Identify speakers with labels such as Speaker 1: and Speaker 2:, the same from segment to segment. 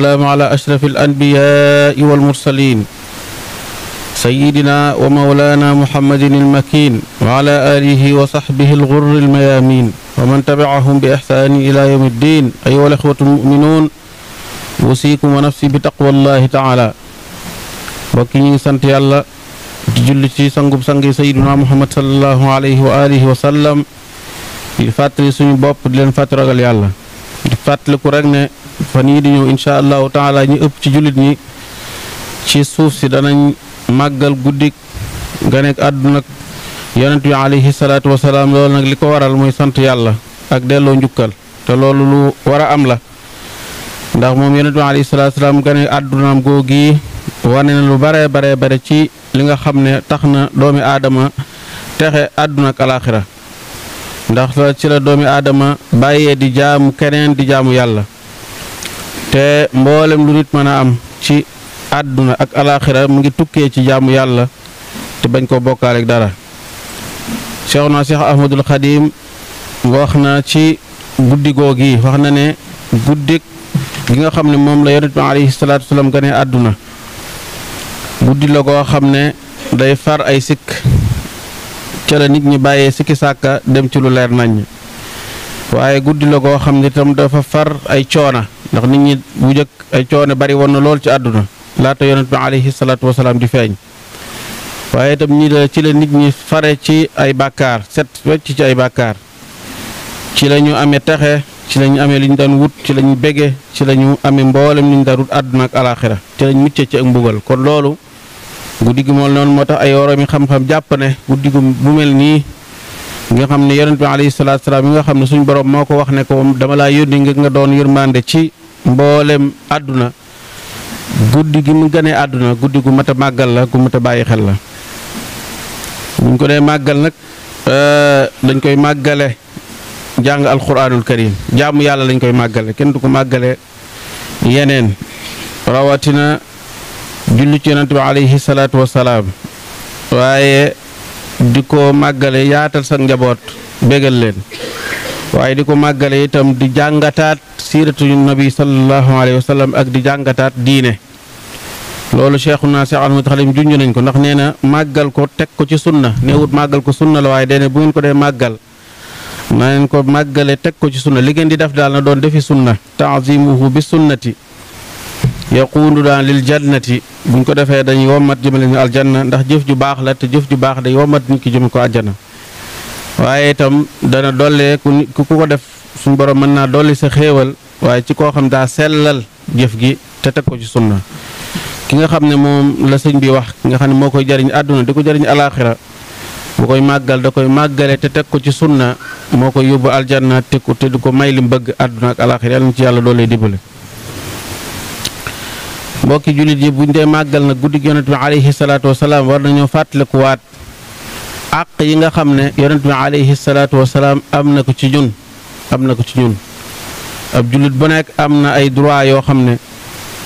Speaker 1: والسلام على أشرف الأنبياء والمرسلين سيدنا ومولانا محمد المكين وعلى آله وصحبه الغر الميامين ومن تبعهم بإحسان إلى يوم الدين أيها الأخوة المؤمنون أوصيكم ونفسي بتقوى الله تعالى وكي سنت يالله julli ci sangub sangi sayyiduna muhammad sallallahu alayhi wa alihi wa sallam di fàttali suñu bopp di leen fàttali ragal yàlla di fàttaliku rek ne fan yii di ñëw incha allahu taala ñi ëpp ci jullit ñi ci suuf si danañ màggal guddik ganeek àdduna yonent bi alayhi salaatu wasalaam loolu nag li ko waral mooy sant yàlla ak delloo njukkal te loolu lu war a am la ndax moom yonent bi alayhi salaatu wasalaam gane àddunaam googi wane na lu bare bare bare ci li nga xam ne tax na doomi aadama texe àdduna ak alaaxira ndax la ci la doomi aadama bàyyee di jaamu keneen di jaamu yàlla te mboolem lu nit mën a am ci àdduna ak alaaxira mu ngi tukkee ci jaamu yàlla te bañ koo bokkaaleek dara Seexuna Seex Ahmadul Xadiim wax na ci guddi googi wax na ne guddik gi nga xam ne moom la yonent bi alayhi salaatu wasalaam gane àdduna guddi la goo xam ne day far ay sikk ca la nit ñi bàyyee sikki sàkka dem ci lu leer naññ waaye guddi la goo xam ne itam dafa far ay coona ndax nit ñi bu njëkk ay coono bari woon loolu ci àdduna laata yonent bi alayhi salaatu wasalaam di feeñ waaye itam ñi la ci la nit ñi fare ci ay bàkkaar set wecc ci ay bàkkaar ci la ñu amee texe ci la ñu amee li ñu daan wut ci lañu ñu ci lañu ame mboolem ni ñu daan àdduna alaaxira ci la ñu ci ak mbugal kon loolu guddi gi moom noonu moo tax ay woromi xam-xam jàpp ne guddi gu mu mel nii nga xam ne yonent bi alayhi salaatu wasalaam yi nga xam ne suñu borom moo ko wax ne ko dama laa yónni nga nga doon ci mboolem àdduna guddi gi mu gënee àdduna guddi gu mat a màggal la gu mat a bàyyi xel la buñ ko dee màggal nag euh, dañ koy màggale jàng alquranul karim jaamu yàlla dañ koy màggale kenn du ko màggale yeneen rawatina julli ci yonante bi alayhi salaatu wasalaam waaye di ko màggale yaatal sa njaboot bégal leen waaye di ko màggale itam di jàngataat siiratu nabi sallallahu alayhi wa sallam ak di jàngataat diine loolu cheikhuna cheikh ahmad xalim junj nañ ko ndax nee na màggal ko teg ko ci sunna néewut màggal ko sunna la waaye dee ne bu ngeen ko dee màggal na ngeen ko màggale teg ko ci sunna li ngeen di def daal na doon defi sunna taazimuhu bi sunnati yaquundu daan lil jannati buñ ko defee dañ wommat jëmale ñu aljanna ndax jëf ju baax la te jëf ju baax day wommat nit ki jëm ko aljanna waaye itam dana dollee ku ku ko def suñu borom mën naa dolli sa xéewal waaye ci koo xam daa sellal jëf gi te teg ko ci sunna ki nga xam ne moom la sëñ bi wax ki nga xam ne moo koy jariñ àdduna di ko jariñ alaaxira bu koy màggal da koy màggale te teg ko ci sunna moo koy yóbbu aljanna te ko te du ko may li mu bëgg àdduna ak alaaxira yàlla na ci yàlla doolee dimbale mbokki jullit yi buñ dee màggal na guddi yonent bi alayhi salaatu wasalaam war nañoo fàttalikuwaat àq yi nga xam ne yonent bi alayhi salaatu wasalaam am na ko ci ñun am na ko ci ñun ab jullit bu nekk am na ay droit yoo xam ne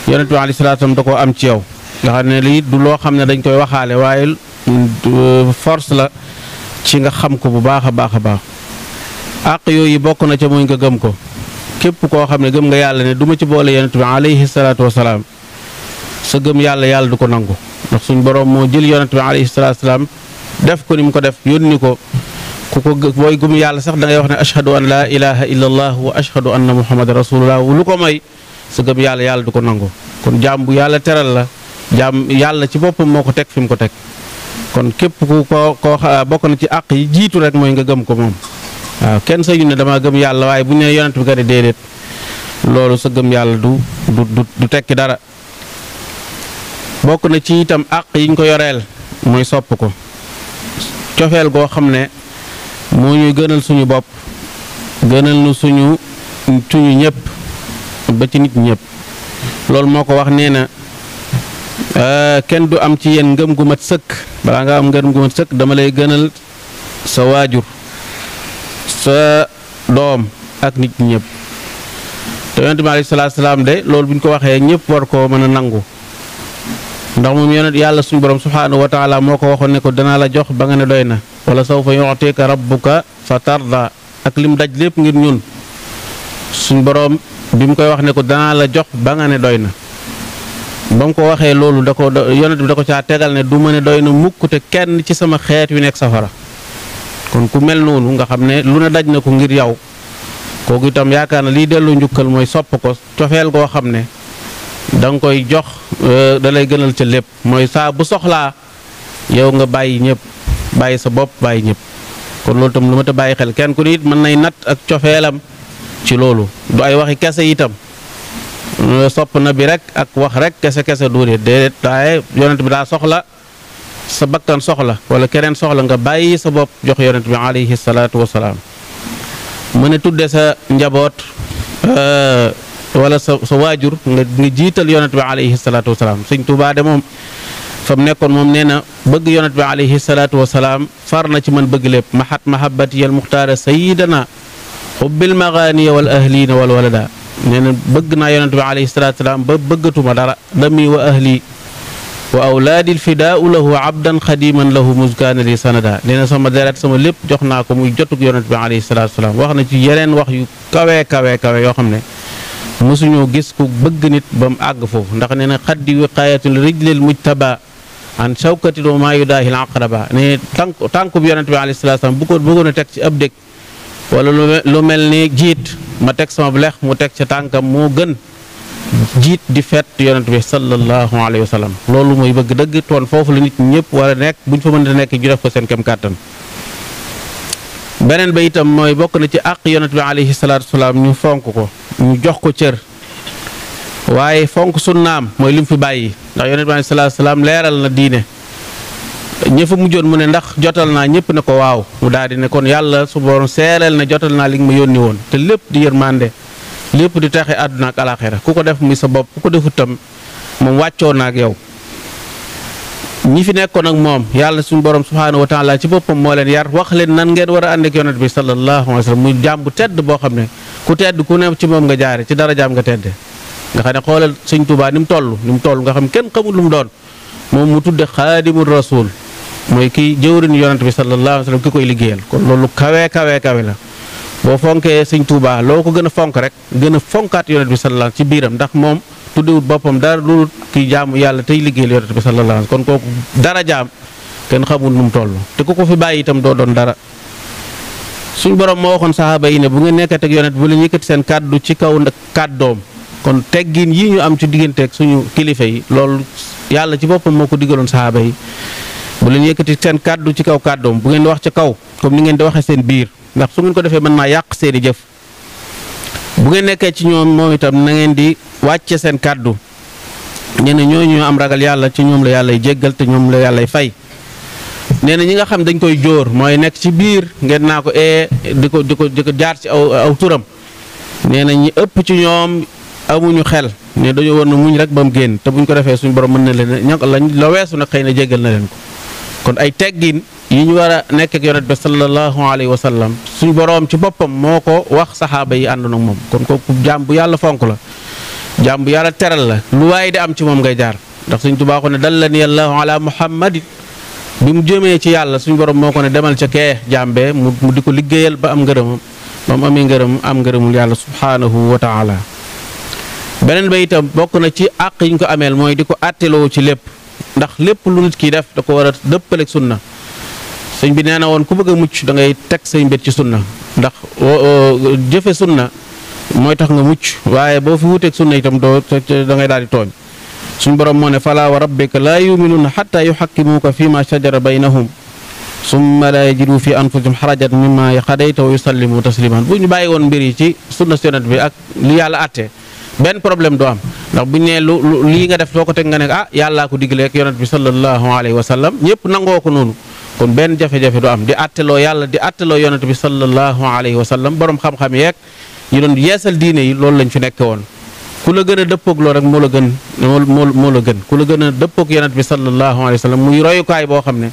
Speaker 1: yonent bi alayhi salaatu wasalaam da ko am ci yow nga xam ne lii du loo xam ne dañ koy waxaale waaye euh, force la ci nga xam ko bu baax a baax a baax àq yooyu bokk na ca muy nga gëm ko képp koo xam ne gëm nga yàlla ne du ma ci boole yonent bi alayhi salaatu wasalaam sa gëm yàlla yàlla du ko nangu ndax suñ borom moo jël yonent def ko ni mu ko def yónni ko ku ko booy gëm yàlla sax da wax ne ashhadu an laa ilaha illa allah wa ashhadu anna muhammadan rasulullah lu ko may sa gëm yàlla yàlla du ko nangu kon jaam bu yàlla teral la jaam yàlla ci boppam moo ko teg fi mu ko teg kon képp ku ko ko ah, bokk na ci àq yi jiitu rek mooy nga gëm ko moom waaw kenn sañu ne damaa gëm yàlla waaye bu ñu ne yonent bi kat déedéet loolu sa gëm yàlla du du du tekki dara bokk na ci itam àq yi ñu ko yoreel mooy sopp ko cofeel goo xam ne moo ñuy gënal suñu bopp gënal nu suñu suñu ñëpp ba ci nit ñëpp loolu moo ko wax nee na euh, kenn du am ci yéen ngëm gu mat sëkk balaa nga am ngëm gu mat sëkk dama lay gënal sa waajur sa doom ak nit ñëpp te yonent bi alayhi salaatu salaam de loolu bu ñu ko waxee ñëpp war koo mën a nangu ndax moom yonent yàlla suñu borom subhaanahu wa taala moo ko waxoon ne ko danaa la jox ba nga ne doy na wala sawfa yu'tika rabbuka fa tarda ak lim daj lépp ngir ñun suñu boroom bi mu koy wax ne ko danaa la jox ba nga ne doy na ba mu ko waxee loolu da ko yonent bi da ko caa tegal ne du ma ne doy na mukk te kenn ci sama xeet wi nekk safara kon ku mel noonu nga xam ne lu ne daj ne ko ngir yow kooku itam yaakaar na liy delloo njukkal mooy sopp ko cofeel xam ne da nga koy jox euh, da lay gënal ca lépp mooy saabu soxlaa yow nga bàyyi ñëpp bàyyi sa bopp bàyyi ñëpp kon loolu tam lu ma ta bàyyi xel kenn ku ne mën nay nat ak cofeelam ci loolu du ay waxi kese itam euh, sopp na bi rek ak wax rek kese kese duudee déedéet waaye yonent bi daa soxla sa bakkan soxla wala keneen soxla nga bàyyi sa bopp jox yonent bi alayhi salaatu wasalaam mu ne tudde sa njaboot euh, wala sa sa waajur nga nga jiital yonent bi alayhi salaatu wasalaam sëñ Tuubaa de moom fa mu nekkoon moom nee na bëgg yonent bi alayhi salaatu salaam far na ci man bëgg lépp ma mahabati yal muxtaara sayidana xubbil magaaniya wal ahliina wal walada nee bëgg naa yonent bi alayhi ba bëggatuma dara dami wa ahli wa awlaadi lfidaau lahu abdan xadiman lahu muskaana li sanada nee na sama deret sama lépp jox naa ko muy jotug yonent bi alayhi salaatu wasalaam wax na ci yeneen wax yu kawe kawe kawe yoo xam ne mosuñoo gis ku bëgg nit ba mu àgg foofu ndax nee na xaddi wiqaayatul rijlil mujtaba an shawkatin wa maa yudaahil aqraba ne tànk tànku bi yonent bi alayhi salaatu salaam bu ko bëggoon teg ci ab dëkk wala lu mel ni jiit ma teg sama lex mu teg ca tànkam moo gën jiit di fet yonent bi sallallahu alayhi wa sallam loolu mooy bëgg dëgg toon foofu la nit ñëpp war nekk bu ñu fa mën a nekk ju def ko seen kem kàttan beneen ba itam mooy bokk na ci àq yonent bi alayhi salaatu salaam ñu fonk ko ñu jox ko cër waaye fonk sunnaam mooy lim fi bàyyi ndax yonent bi aleyhi salaatu salaam leeral na diine ñë fa mujjoon mu ne ndax jotal naa ñëpp ne ko waaw mu daal di ne kon yàlla su borom seereel na jotal naa li nga ma yónni woon te lépp di yërmande lépp di taxe àdduna ak alaxira ku ko def muy sa bopp ku ko defut tam moom wàccoo na ak yow ñi fi nekkoon ak moom yàlla suñu borom subhaanahu wa taala ci boppam moo leen yar wax leen nan ngeen war a ànd ak yonent tedd boo xam ne ku tedd ku ne ci moom nga jaare ci dara jaam nga tedde nga xam ne xoolal sëñ Tuubaa ni mu toll ni mu toll nga xam kenn xamul lu mu doon moom mu tudde xaadimul rasul mooy kii jëwriñu yonent bi sallallahu alayhi wa sallam ki koy liggéeyal kon loolu kawe kawe kawe la boo fonkee sëñ Tuubaa loo ko gën a fonk rek gën a fonkaat yonent bi sallallahu ci biiram ndax moom tuddewut boppam dara loolu kii jaamu yàlla tey liggéeyal yonent bi sallallahu kon kooku dara jaam kenn xamul nu mu toll te ku ko fi bàyyi itam doo doon dara suñ borom moo waxoon saxaaba yi ne bu ngeen nekkati ak yonent bu leen yëkkati seen kàddu ci kaw kàddoom kon teggin yi ñu am ci digganteek suñu kilifa yi loolu yàlla ci boppam moo ko digaloon saxaaba yi bu leen yëkkati seen kàddu ci kaw kàddoom bu ngeen di wax ca kaw comme ni ngeen di waxee seen biir ndax su ngeen ko defee mën naa yàq seeni jëf bu ngeen nekkee ci ñoom moom itam na ngeen di wàcce seen kàddu ñenn ñooñu ñoo am ragal yàlla ci ñoom la yàllay jéggal te ñoom la yàllay fay nee na ñi nga xam dañ koy jóor mooy nekk ci biir ngeen naa ko ee di ko di ko di ko jaar ci aw aw turam nee na ñi ëpp ci ñoom amuñu xel ne dañoo war na muñ rek ba mu génn te buñ ko defee suñu borom mën na leen ña lañ la weesu nag xay na jéggal na leen ko kon ay teggin yi ñu war a nekk ak yonent bi sallallahu alayhi wa sallam suñu boroom ci boppam moo ko wax saxaaba yi ànd ak moom kon kooku jaam bu yàlla fonk la jaam bu yàlla teral la lu waaye di am ci moom ngay jaar bi mu jëmee ci yàlla suñu borom moo ko ne demal ca kee jàmbe mu di ko liggéeyal ba am ngërëmam ba mu amee ngërëm am ngërëmul yàlla subhaanahu wa taala beneen ba itam bokk na ci àq yi ko ameel mooy di ko àtteloo ci lépp ndax lépp lu nit kiy def da ko war a dëppaleeg na sëñ bi nee na woon ku bëgg a mucc da ngay teg say mbir ci na ndax jëfe na mooy tax nga mucc waaye boo fi wuteeg na itam doo da ngay daal di tooñ suñ borom moo ne falaa wa rabbika laa yuminuuna xataa ko fii ma shajara baynahum summa laa yajidu fi anfusihim xarajat mimma xadayta wa yusallimu tasliman bu ñu bàyyi woon mbir yi ci sunna yonent bi ak li yàlla àtte benn problème du am ndax bu ñu nee lu lii nga def soo ko teg nga ne ah yàllaa ko diglee ak yonent bi sallallahu alayhi wa sallam ñëpp nangoo ko noonu kon benn jafe-jafe du am di àtteloo yàlla di àtteloo yonent bi sallallahu alayhi wa sallam borom xam-xam yeeg ñu doon yeesal diine yi loolu lañ fi nekk woon ku la gën a dëppoog loolu rek moo la gën moo moo la gën ku la gën a dëppoog yonent bi sallallahu alayhi wa sallam muy royukaay boo xam ne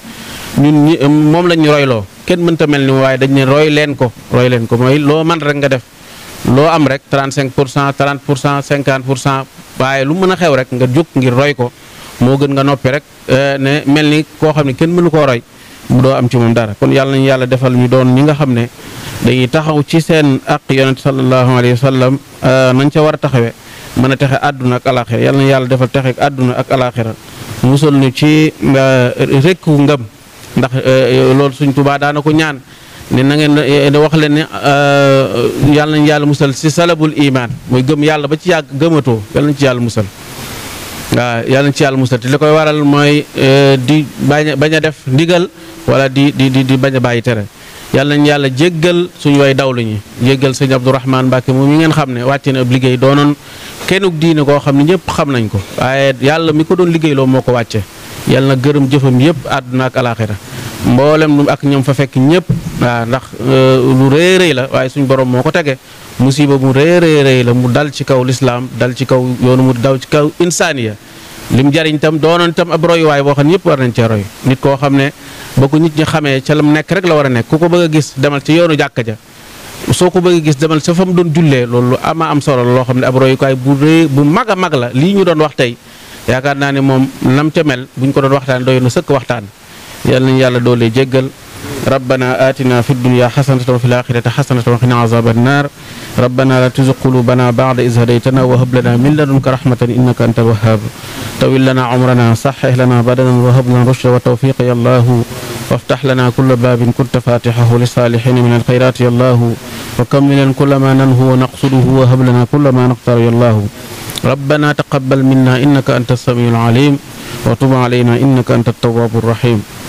Speaker 1: ñun moom la ñu royloo kenn mënta mel ni waaye dañ ne roy leen ko roy leen ko mooy loo man rek nga def loo am rek 35 pour cent 30 pour cent 50 pour cent waaye lu mën a xew rek nga jóg ngir roy ko moo gën nga noppi rek eh, ne mel ni koo xam ne kenn mënu koo roy mu doo am ci moom dara kon yàlla nañu yàlla defal ñu doon ñi nga xam ne dañuy taxaw ci seen ak yonent sallallahu alayhi wa sallam eh, nañ ca war a taxawee mën a texe àdduna ak alaxira yal na yàlla defal texe àdduna ak alaxira musul ñu ci euh, rekk ngëm ndax euh, loolu suñ tubaa daana ko ñaan ne na ngeen euh, wax leen ne yàlla nañ yàlla musal si salabul iman mooy gëm yàlla ba ci yàgg gëmatoo yàlla nañ ci yàlla musal waaw yàlla nañ ci yàlla musal te li koy waral mooy di bañ bañ a def ndigal wala di di di bañ a bàyyi tere yàlla nañ yàlla jéggal suñu way daw dawlu ñi jéggal sëñ Abdourahman Mbacke moom mi ngeen xam ne wàcce na ab liggéey doonoon kennuk diine koo xam ne ñëpp xam nañ ko waaye yàlla mi ko doon liggéeyloo moo ko wàcce yàlla na gërëm jëfam yëpp àdduna ak alaxira mboolem ak ñoom fa fekk ñëpp waaw ndax euh, lu rëy rëy la waaye suñu borom moo ko tege musiba mu rëy rëy la mu dal ci kaw lislaam dal ci kaw yoonu mu daw ci kaw insaaniya lim jariñ tam doonoon tam ab royuwaay boo xam ne ñëpp war nañ cee roy nit koo xam ne boo ko nit ñi xamee ca lam nekk rek la war a nekk ku ko bëgg a gis demal ci yoonu jàkka ja soo ko bëgg a demal sa fa mu doon jullee loolu ama am solo loo xam ne ab royukaay bu rëy bu mag mag la lii ñu doon wax tey yaakaar naa ne moom nam ca mel buñ ko doon waxtaan doy na sëkk waxtaan yal nañu yàlla doolee jéggal rabbana atina fi dunya xasanatan wa fi l axirati xasanatan wa qina azaban naar rabbana la tuzigh qulubana ba'da idh hadaytana wa hab lana min ladunka rahmatan innaka antal wahhab tawil lana umrana sahhih lana badana wa hab lana rushda wa tawfiqa ya allah وافتح لنا كل باب كنت فاتحه للصالحين من الخيرات يا الله وكمل كل ما ننهو ونقصده وهب لنا كل ما نقتر يا الله ربنا تقبل منا إنك أنت السميع العليم وتب علينا إنك أنت التواب الرحيم